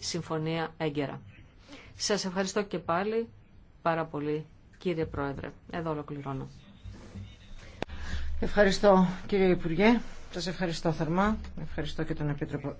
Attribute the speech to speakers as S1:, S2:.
S1: συμφωνία έγκαιρα. Σας ευχαριστώ και πάλι πάρα πολύ κύριε Πρόεδρε. Εδώ ολοκληρώνω.
S2: Ευχαριστώ κύριε Υπουργέ. Σας ευχαριστώ θερμά. Ευχαριστώ και τον Επίτροπο.